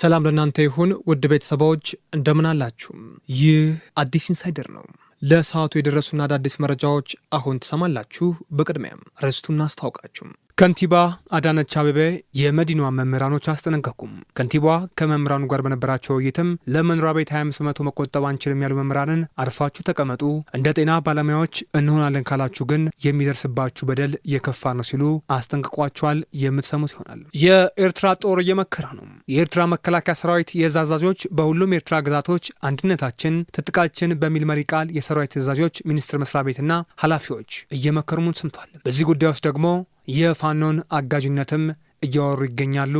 ሰላም ለእናንተ ይሁን ውድ ቤተሰባዎች እንደምን ይህ አዲስ ኢንሳይደር ነው። ለሰዓቱ የደረሱና አዳዲስ መረጃዎች አሁን ትሰማላችሁ። በቅድሚያም ርዕስቱን አስታውቃችሁ ከንቲባ አዳነች አቤቤ የመዲናዋ መምህራኖች አስጠነቀቁም። ከንቲባ ከመምህራኑ ጋር በነበራቸው ውይይትም ለመኖሪያ ቤት 25 በመቶ መቆጠብ አንችልም ያሉ መምህራንን አርፋችሁ ተቀመጡ፣ እንደ ጤና ባለሙያዎች እንሆናለን ካላችሁ ግን የሚደርስባችሁ በደል የከፋ ነው ሲሉ አስጠንቅቋቸዋል። የምትሰሙት ይሆናል። የኤርትራ ጦር እየመከረ ነው። የኤርትራ መከላከያ ሰራዊት የዛዛዦች በሁሉም የኤርትራ ግዛቶች አንድነታችን ትጥቃችን በሚል መሪ ቃል የሰራዊት አዛዦች፣ ሚኒስቴር መስሪያ ቤትና ኃላፊዎች እየመከሩሙን ሰምቷል። በዚህ ጉዳይ ውስጥ ደግሞ የፋኖን አጋዥነትም እያወሩ ይገኛሉ።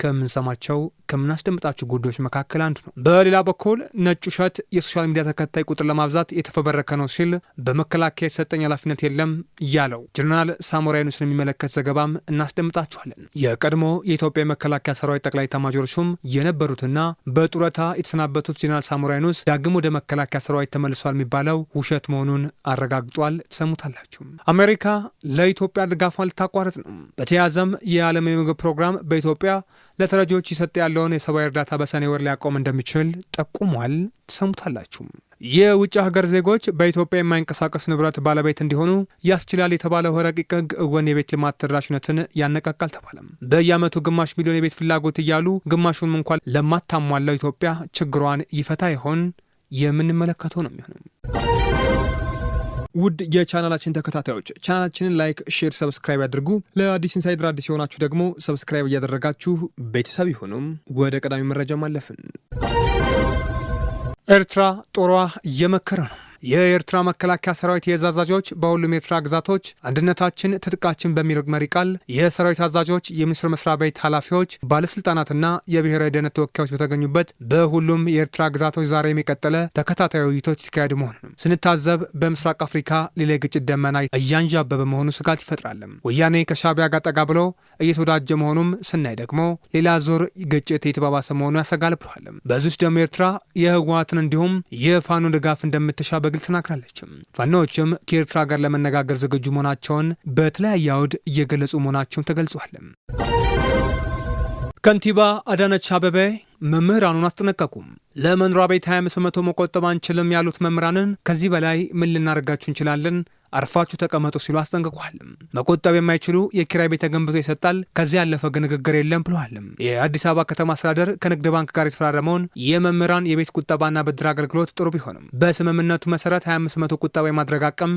ከምንሰማቸው ከምናስደምጣቸው ጉዳዮች መካከል አንዱ ነው። በሌላ በኩል ነጭ ውሸት የሶሻል ሚዲያ ተከታይ ቁጥር ለማብዛት የተፈበረከ ነው ሲል በመከላከያ የተሰጠኝ ኃላፊነት የለም ያለው ጀነራል ሳሞራ የኑን ስለሚመለከት ዘገባም እናስደምጣችኋለን። የቀድሞ የኢትዮጵያ መከላከያ ሰራዊት ጠቅላይ ኤታማዦር ሹም የነበሩትና በጡረታ የተሰናበቱት ጀነራል ሳሞራ ዳግም ወደ መከላከያ ሰራዊት ተመልሷል የሚባለው ውሸት መሆኑን አረጋግጧል። ትሰሙታላችሁ። አሜሪካ ለኢትዮጵያ ድጋፏን ልታቋረጥ ነው። በተያያዘም የዓለም የምግብ ፕሮግራም በኢትዮጵያ ለተረጂዎች ይሰጥ ያለውን የሰብአዊ እርዳታ በሰኔ ወር ሊያቆም እንደሚችል ጠቁሟል። ትሰሙታላችሁም። የውጭ ሀገር ዜጎች በኢትዮጵያ የማይንቀሳቀስ ንብረት ባለቤት እንዲሆኑ ያስችላል የተባለው ረቂቅ ሕግ እወን የቤት ልማት ተደራሽነትን ያነቃቃል ተባለም። በየዓመቱ ግማሽ ሚሊዮን የቤት ፍላጎት እያሉ ግማሹንም እንኳን ለማታሟላው ኢትዮጵያ ችግሯን ይፈታ ይሆን? የምንመለከተው ነው የሚሆነው። ውድ የቻናላችን ተከታታዮች ቻናላችንን ላይክ፣ ሼር፣ ሰብስክራይብ ያድርጉ። ለአዲስ ኢንሳይደር አዲስ የሆናችሁ ደግሞ ሰብስክራይብ እያደረጋችሁ ቤተሰብ ይሁኑም። ወደ ቀዳሚ መረጃ ማለፍን ኤርትራ ጦሯ እየመከረ ነው። የኤርትራ መከላከያ ሰራዊት የእዝ አዛዦች በሁሉም የኤርትራ ግዛቶች አንድነታችን ትጥቃችን በሚል መሪ ቃል የሰራዊት አዛዦች፣ የሚኒስትር መስሪያ ቤት ኃላፊዎች፣ ባለስልጣናትና የብሔራዊ ደህንነት ተወካዮች በተገኙበት በሁሉም የኤርትራ ግዛቶች ዛሬ የሚቀጠለ ተከታታይ ውይይቶች የተካሄዱ መሆኑን ስንታዘብ በምስራቅ አፍሪካ ሌላ የግጭት ደመና እያንዣበበ መሆኑ ስጋት ይፈጥራል። ወያኔ ከሻቢያ ጋር ጠጋ ብሎ እየተወዳጀ መሆኑም ስናይ ደግሞ ሌላ ዙር ግጭት የተባባሰ መሆኑ ያሰጋል ብሏል። በዚህ ውስጥ ደግሞ ኤርትራ የህወሓትን እንዲሁም የፋኖ ድጋፍ እንደምትሻ በግል ተናግራለች። ፋኖዎችም ከኤርትራ ጋር ለመነጋገር ዝግጁ መሆናቸውን በተለያየ አውድ እየገለጹ መሆናቸውን ተገልጿል። ከንቲባ አዳነች አበቤ መምህራኑን አስጠነቀቁም። ለመኖሪያ ቤት 25 በመቶ መቆጠብ አንችልም ያሉት መምህራንን ከዚህ በላይ ምን ልናደርጋችሁ እንችላለን አርፋችሁ ተቀመጡ ሲሉ አስጠንቅቋል። መቆጠብ የማይችሉ የኪራይ ቤት ተገንብቶ ይሰጣል፣ ከዚህ ያለፈ ግን ንግግር የለም ብለዋል። የአዲስ አበባ ከተማ አስተዳደር ከንግድ ባንክ ጋር የተፈራረመውን የመምህራን የቤት ቁጠባና ብድር አገልግሎት ጥሩ ቢሆንም በስምምነቱ መሰረት 25 በመቶ ቁጠባ የማድረግ አቅም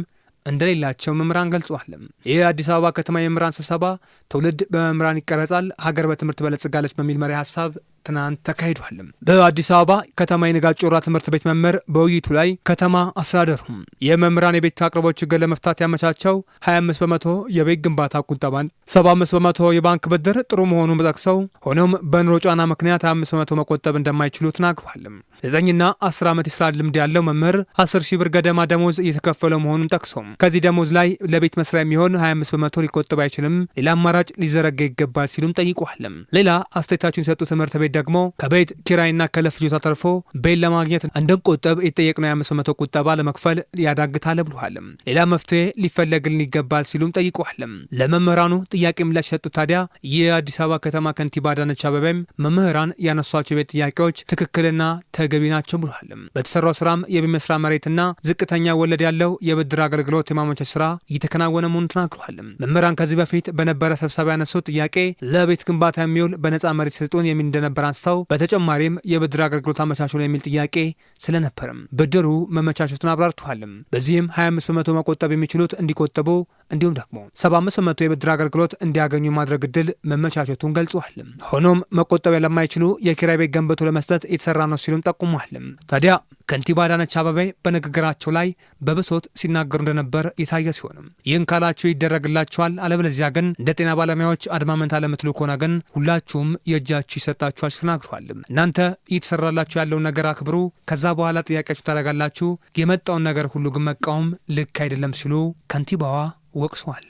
እንደሌላቸው መምህራን ገልጿል። ይህ አዲስ አበባ ከተማ የመምህራን ስብሰባ ትውልድ በመምህራን ይቀረጻል፣ ሀገር በትምህርት በለጽጋለች በሚል መሪ ሀሳብ ትናንት ተካሂዷል። በአዲስ አበባ ከተማ የንጋት ጮራ ትምህርት ቤት መምህር በውይይቱ ላይ ከተማ አስተዳደሩም የመምህራን የቤት አቅርቦት ችግር ለመፍታት ያመቻቸው 25 በመቶ የቤት ግንባታ ቁጠባን፣ 75 በመቶ የባንክ ብድር ጥሩ መሆኑን ጠቅሰው ሆኖም በኑሮ ጫና ምክንያት 25 በመቶ መቆጠብ እንደማይችሉ ተናግሯል። ዘጠኝና አስር ዓመት የስራ ልምድ ያለው መምህር አስር ሺህ ብር ገደማ ደሞዝ እየተከፈለው መሆኑን ጠቅሶም ከዚህ ደሞዝ ላይ ለቤት መስሪያ የሚሆን 25 በመቶ ሊቆጠብ አይችልም፣ ሌላ አማራጭ ሊዘረጋ ይገባል ሲሉም ጠይቋል። ሌላ አስተያየታቸውን የሰጡ ትምህርት ቤት ደግሞ ከቤት ኪራይና ከለፍ ጆታ ተርፎ ቤት ለማግኘት እንድንቆጠብ የጠየቅነው የ5 በመቶ ቁጠባ ለመክፈል ያዳግታል ብሏል። ሌላ መፍትሄ ሊፈለግልን ይገባል ሲሉም ጠይቋል። ለመምህራኑ ጥያቄ ምላሽ የሰጡት ታዲያ የአዲስ አበባ ከተማ ከንቲባ አዳነች መምህራን ያነሷቸው የቤት ጥያቄዎች ትክክልና ተ ተገቢ ናቸው ብሏል። በተሰራው ስራም የቤመስራ መሬትና ዝቅተኛ ወለድ ያለው የብድር አገልግሎት የማመቻት ስራ እየተከናወነ መሆኑን ተናግሯል። መምህራን ከዚህ በፊት በነበረ ስብሰባ ያነሱት ጥያቄ ለቤት ግንባታ የሚውል በነፃ መሬት ስጡን የሚል እንደነበር አንስተው በተጨማሪም የብድር አገልግሎት አመቻቸውን የሚል ጥያቄ ስለነበርም ብድሩ መመቻቸቱን አብራርተዋል። በዚህም 25 በመቶ መቆጠብ የሚችሉት እንዲቆጠቡ እንዲሁም ደግሞ 75 በመቶ የብድር አገልግሎት እንዲያገኙ ማድረግ እድል መመቻቸቱን ገልጿል። ሆኖም መቆጠቢያ ለማይችሉ የኪራይ ቤት ገንብቶ ለመስጠት የተሰራ ነው ሲሉም ጠቁሟል። ታዲያ ከንቲባ አዳነች አበቤ በንግግራቸው ላይ በብሶት ሲናገሩ እንደነበር የታየ ሲሆንም ይህን ካላችሁ ይደረግላችኋል፣ አለበለዚያ ግን እንደ ጤና ባለሙያዎች አድማመንት አለምትሉ ከሆነ ግን ሁላችሁም የእጃችሁ ይሰጣችኋል ሲሉ እናንተ እየተሰራላችሁ ያለውን ነገር አክብሩ፣ ከዛ በኋላ ጥያቄያችሁ ታደርጋላችሁ፣ የመጣውን ነገር ሁሉ ግን መቃወም ልክ አይደለም ሲሉ ከንቲባዋ ወቅሷል።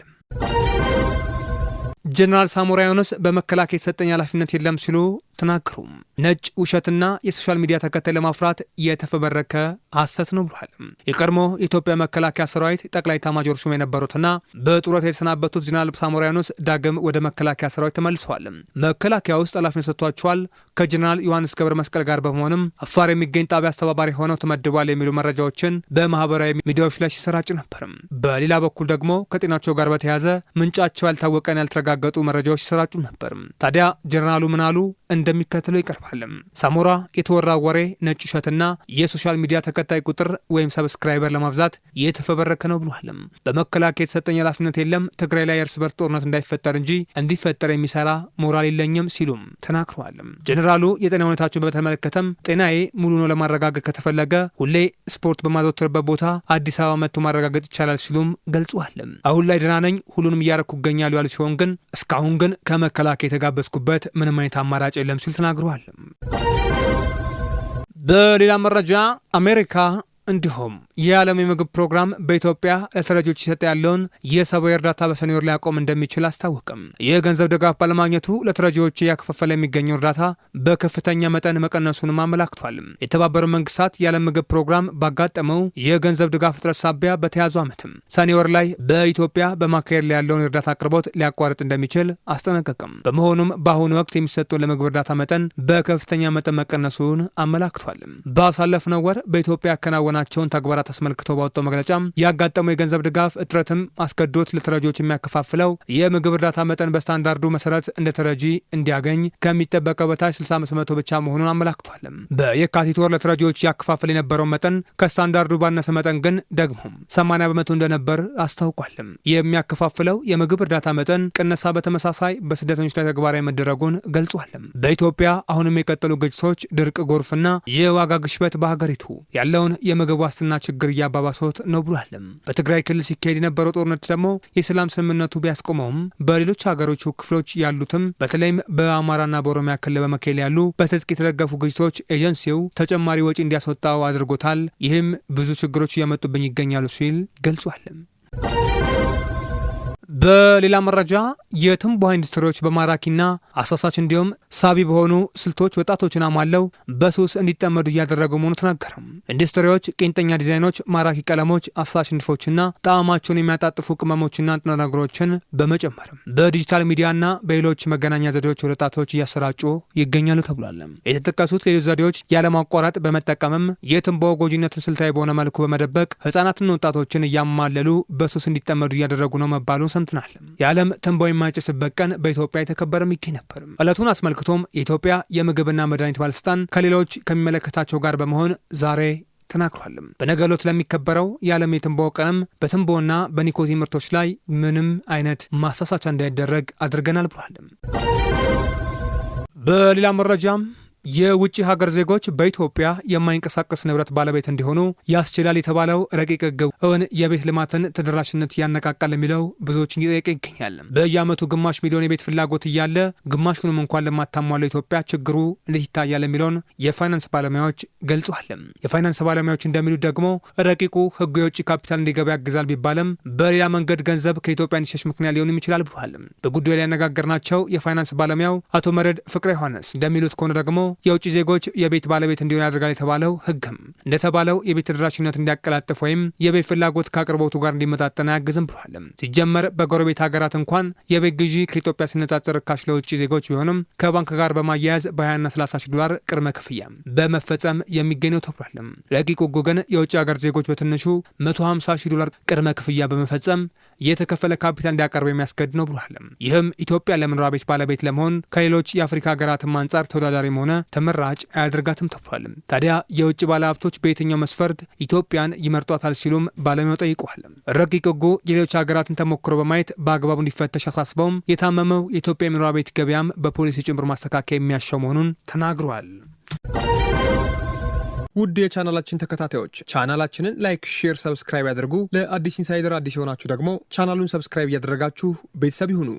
ጀነራል ሳሞራ ዮኑስ በመከላከያ የተሰጠኝ ኃላፊነት የለም ሲሉ ተናገሩ። ነጭ ውሸትና የሶሻል ሚዲያ ተከታይ ለማፍራት የተፈበረከ ሐሰት ነው ብሏል። የቀድሞ የኢትዮጵያ መከላከያ ሰራዊት ጠቅላይ ኤታማዦር ሹም የነበሩትና በጡረታ የተሰናበቱት ጀነራል ሳሞራኖስ ዳግም ወደ መከላከያ ሰራዊት ተመልሰዋል። መከላከያ ውስጥ ኃላፊነት ሰጥቷቸዋል። ከጀነራል ዮሐንስ ገብረ መስቀል ጋር በመሆንም አፋር የሚገኝ ጣቢያ አስተባባሪ ሆነው ተመድቧል የሚሉ መረጃዎችን በማህበራዊ ሚዲያዎች ላይ ሲሰራጭ ነበር። በሌላ በኩል ደግሞ ከጤናቸው ጋር በተያያዘ ምንጫቸው ያልታወቀን ያልተረጋገጡ መረጃዎች ሲሰራጩ ነበር። ታዲያ ጀነራሉ ምናሉ እንደ እንደሚከተለው ይቀርባል። ሳሞራ የተወራ ወሬ፣ ነጭ ውሸትና የሶሻል ሚዲያ ተከታይ ቁጥር ወይም ሰብስክራይበር ለማብዛት የተፈበረከ ነው ብሏል። በመከላከያ የተሰጠኝ ኃላፊነት የለም፣ ትግራይ ላይ የእርስ በርስ ጦርነት እንዳይፈጠር እንጂ እንዲፈጠር የሚሰራ ሞራል የለኝም ሲሉም ተናግረዋል። ጀኔራሉ የጤና ሁኔታቸውን በተመለከተም ጤናዬ ሙሉ ነው ለማረጋገጥ ከተፈለገ ሁሌ ስፖርት በማዘወትርበት ቦታ አዲስ አበባ መጥቶ ማረጋገጥ ይቻላል ሲሉም ገልጸዋል። አሁን ላይ ደህና ነኝ፣ ሁሉንም እያረኩ እገኛለሁ ያሉ ሲሆን ግን እስካሁን ግን ከመከላከያ የተጋበዝኩበት ምንም አይነት አማራጭ የለም የለም ሲል ተናግረዋል። በሌላ መረጃ አሜሪካ እንዲሁም የዓለም የምግብ ፕሮግራም በኢትዮጵያ ለተረጆች ይሰጥ ያለውን የሰብአዊ እርዳታ በሰኔ ወር ሊያቆም እንደሚችል አስታወቅም። የገንዘብ ድጋፍ ባለማግኘቱ ለተረጂዎች እያከፋፈለ የሚገኘው እርዳታ በከፍተኛ መጠን መቀነሱንም አመላክቷል። የተባበሩት መንግስታት የዓለም ምግብ ፕሮግራም ባጋጠመው የገንዘብ ድጋፍ እጥረት ሳቢያ በተያዙ ዓመትም ሰኔ ወር ላይ በኢትዮጵያ በማካሄድ ላይ ያለውን የእርዳታ አቅርቦት ሊያቋርጥ እንደሚችል አስጠነቀቅም። በመሆኑም በአሁኑ ወቅት የሚሰጠውን ለምግብ እርዳታ መጠን በከፍተኛ መጠን መቀነሱን አመላክቷል። ባሳለፍነው ወር በኢትዮጵያ ያከናወና መሆናቸውን ተግባራት አስመልክቶ ባወጣው መግለጫ ያጋጠመው የገንዘብ ድጋፍ እጥረትም አስገዶት ለተረጂዎች የሚያከፋፍለው የምግብ እርዳታ መጠን በስታንዳርዱ መሰረት እንደ ተረጂ እንዲያገኝ ከሚጠበቀው በታች 65 በመቶ ብቻ መሆኑን አመላክቷል። በየካቲት ወር ለተረጂዎች ያከፋፍል የነበረውን መጠን ከስታንዳርዱ ባነሰ መጠን ግን ደግሞ 80 በመቶ እንደነበር አስታውቋል። የሚያከፋፍለው የምግብ እርዳታ መጠን ቅነሳ በተመሳሳይ በስደተኞች ላይ ተግባራዊ መደረጉን ገልጿል። በኢትዮጵያ አሁንም የቀጠሉ ግጭቶች፣ ድርቅ፣ ጎርፍና የዋጋ ግሽበት በሀገሪቱ ያለውን የምግብ ዋስትና ችግር እያባባሰት ነው ብሏል። በትግራይ ክልል ሲካሄድ የነበረው ጦርነት ደግሞ የሰላም ስምምነቱ ቢያስቆመውም በሌሎች ሀገሮቹ ክፍሎች ያሉትም በተለይም በአማራና በኦሮሚያ ክልል በመካሄድ ያሉ በትጥቅ የተደገፉ ግጭቶች ኤጀንሲው ተጨማሪ ወጪ እንዲያስወጣው አድርጎታል። ይህም ብዙ ችግሮች እያመጡብኝ ይገኛሉ ሲል ገልጿል። በሌላ መረጃ የትንባሆ ኢንዱስትሪዎች በማራኪና አሳሳች እንዲሁም ሳቢ በሆኑ ስልቶች ወጣቶችን አማለው በሱስ እንዲጠመዱ እያደረጉ መሆኑ ተነገረ። ኢንዱስትሪዎች ቄንጠኛ ዲዛይኖች፣ ማራኪ ቀለሞች፣ አሳሳች ንድፎችና ጣዕማቸውን የሚያጣጥፉ ቅመሞችና ንጥረ ነገሮችን በመጨመር በዲጂታል ሚዲያና በሌሎች መገናኛ ዘዴዎች ወጣቶች እያሰራጩ ይገኛሉ ተብሏል። የተጠቀሱት ሌሎች ዘዴዎች ያለማቋረጥ በመጠቀምም የትንባሆ ጎጂነትን ስልታዊ በሆነ መልኩ በመደበቅ ህጻናትና ወጣቶችን እያማለሉ በሱስ እንዲጠመዱ እያደረጉ ነው መባሉ ሰምተ ተንትናል። የዓለም ተንቦ የማይጨስበት ቀን በኢትዮጵያ የተከበረም ይገኝ ነበር። ዕለቱን አስመልክቶም የኢትዮጵያ የምግብና መድኃኒት ባለስልጣን ከሌሎች ከሚመለከታቸው ጋር በመሆን ዛሬ ተናግሯልም። በነገ ዕለት ለሚከበረው የዓለም የትንቦ ቀንም በትንቦና በኒኮቲን ምርቶች ላይ ምንም አይነት ማሳሳቻ እንዳይደረግ አድርገናል ብሏልም። በሌላ መረጃም የውጭ ሀገር ዜጎች በኢትዮጵያ የማይንቀሳቀስ ንብረት ባለቤት እንዲሆኑ ያስችላል የተባለው ረቂቅ ሕግ እውን የቤት ልማትን ተደራሽነት ያነቃቃል የሚለው ብዙዎችን እየጠየቀ ይገኛል። በየዓመቱ ግማሽ ሚሊዮን የቤት ፍላጎት እያለ ግማሹንም እንኳን ለማታሟለው ኢትዮጵያ ችግሩ እንዴት ይታያል የሚለውን የፋይናንስ ባለሙያዎች ገልጿል። የፋይናንስ ባለሙያዎች እንደሚሉት ደግሞ ረቂቁ ህግ የውጭ ካፒታል እንዲገባ ያግዛል ቢባልም በሌላ መንገድ ገንዘብ ከኢትዮጵያ እንዲሸሽ ምክንያት ሊሆንም ይችላል ብሏል። በጉዳዩ ላይ ያነጋገርናቸው የፋይናንስ ባለሙያው አቶ መረድ ፍቅረ ዮሐንስ እንደሚሉት ከሆነ ደግሞ ነው። የውጭ ዜጎች የቤት ባለቤት እንዲሆን ያደርጋል የተባለው ህግም እንደተባለው የቤት ተደራሽነት እንዲያቀላጥፍ ወይም የቤት ፍላጎት ከአቅርቦቱ ጋር እንዲመጣጠን አያግዝም ብሏል። ሲጀመር በጎረቤት ሀገራት እንኳን የቤት ግዢ ከኢትዮጵያ ሲነጻጸር ርካሽ ለውጭ ዜጎች ቢሆንም ከባንክ ጋር በማያያዝ በ20ና 30 ሺህ ዶላር ቅድመ ክፍያ በመፈጸም የሚገኘው ተብሏል። ረቂቁ ህጉ ግን የውጭ ሀገር ዜጎች በትንሹ 150 ሺህ ዶላር ቅድመ ክፍያ በመፈጸም የተከፈለ ካፒታል እንዲያቀርብ የሚያስገድድ ነው ብሏል። ይህም ኢትዮጵያ ለመኖሪያ ቤት ባለቤት ለመሆን ከሌሎች የአፍሪካ ሀገራትም አንጻር ተወዳዳሪም ሆነ ተመራጭ አያደርጋትም ተብሏል። ታዲያ የውጭ ባለሀብቶች በየትኛው መስፈርት ኢትዮጵያን ይመርጧታል ሲሉም ባለሙያው ጠይቋል። ረቂቅ ሕጉ የሌሎች ሀገራትን ተሞክሮ በማየት በአግባቡ እንዲፈተሽ አሳስበውም የታመመው የኢትዮጵያ የመኖሪያ ቤት ገበያም በፖሊሲ ጭምር ማስተካከያ የሚያሻው መሆኑን ተናግሯል። ውድ የቻናላችን ተከታታዮች ቻናላችንን ላይክ፣ ሼር፣ ሰብስክራይብ ያደርጉ ለአዲስ ኢንሳይደር አዲስ የሆናችሁ ደግሞ ቻናሉን ሰብስክራይብ እያደረጋችሁ ቤተሰብ ይሁኑ።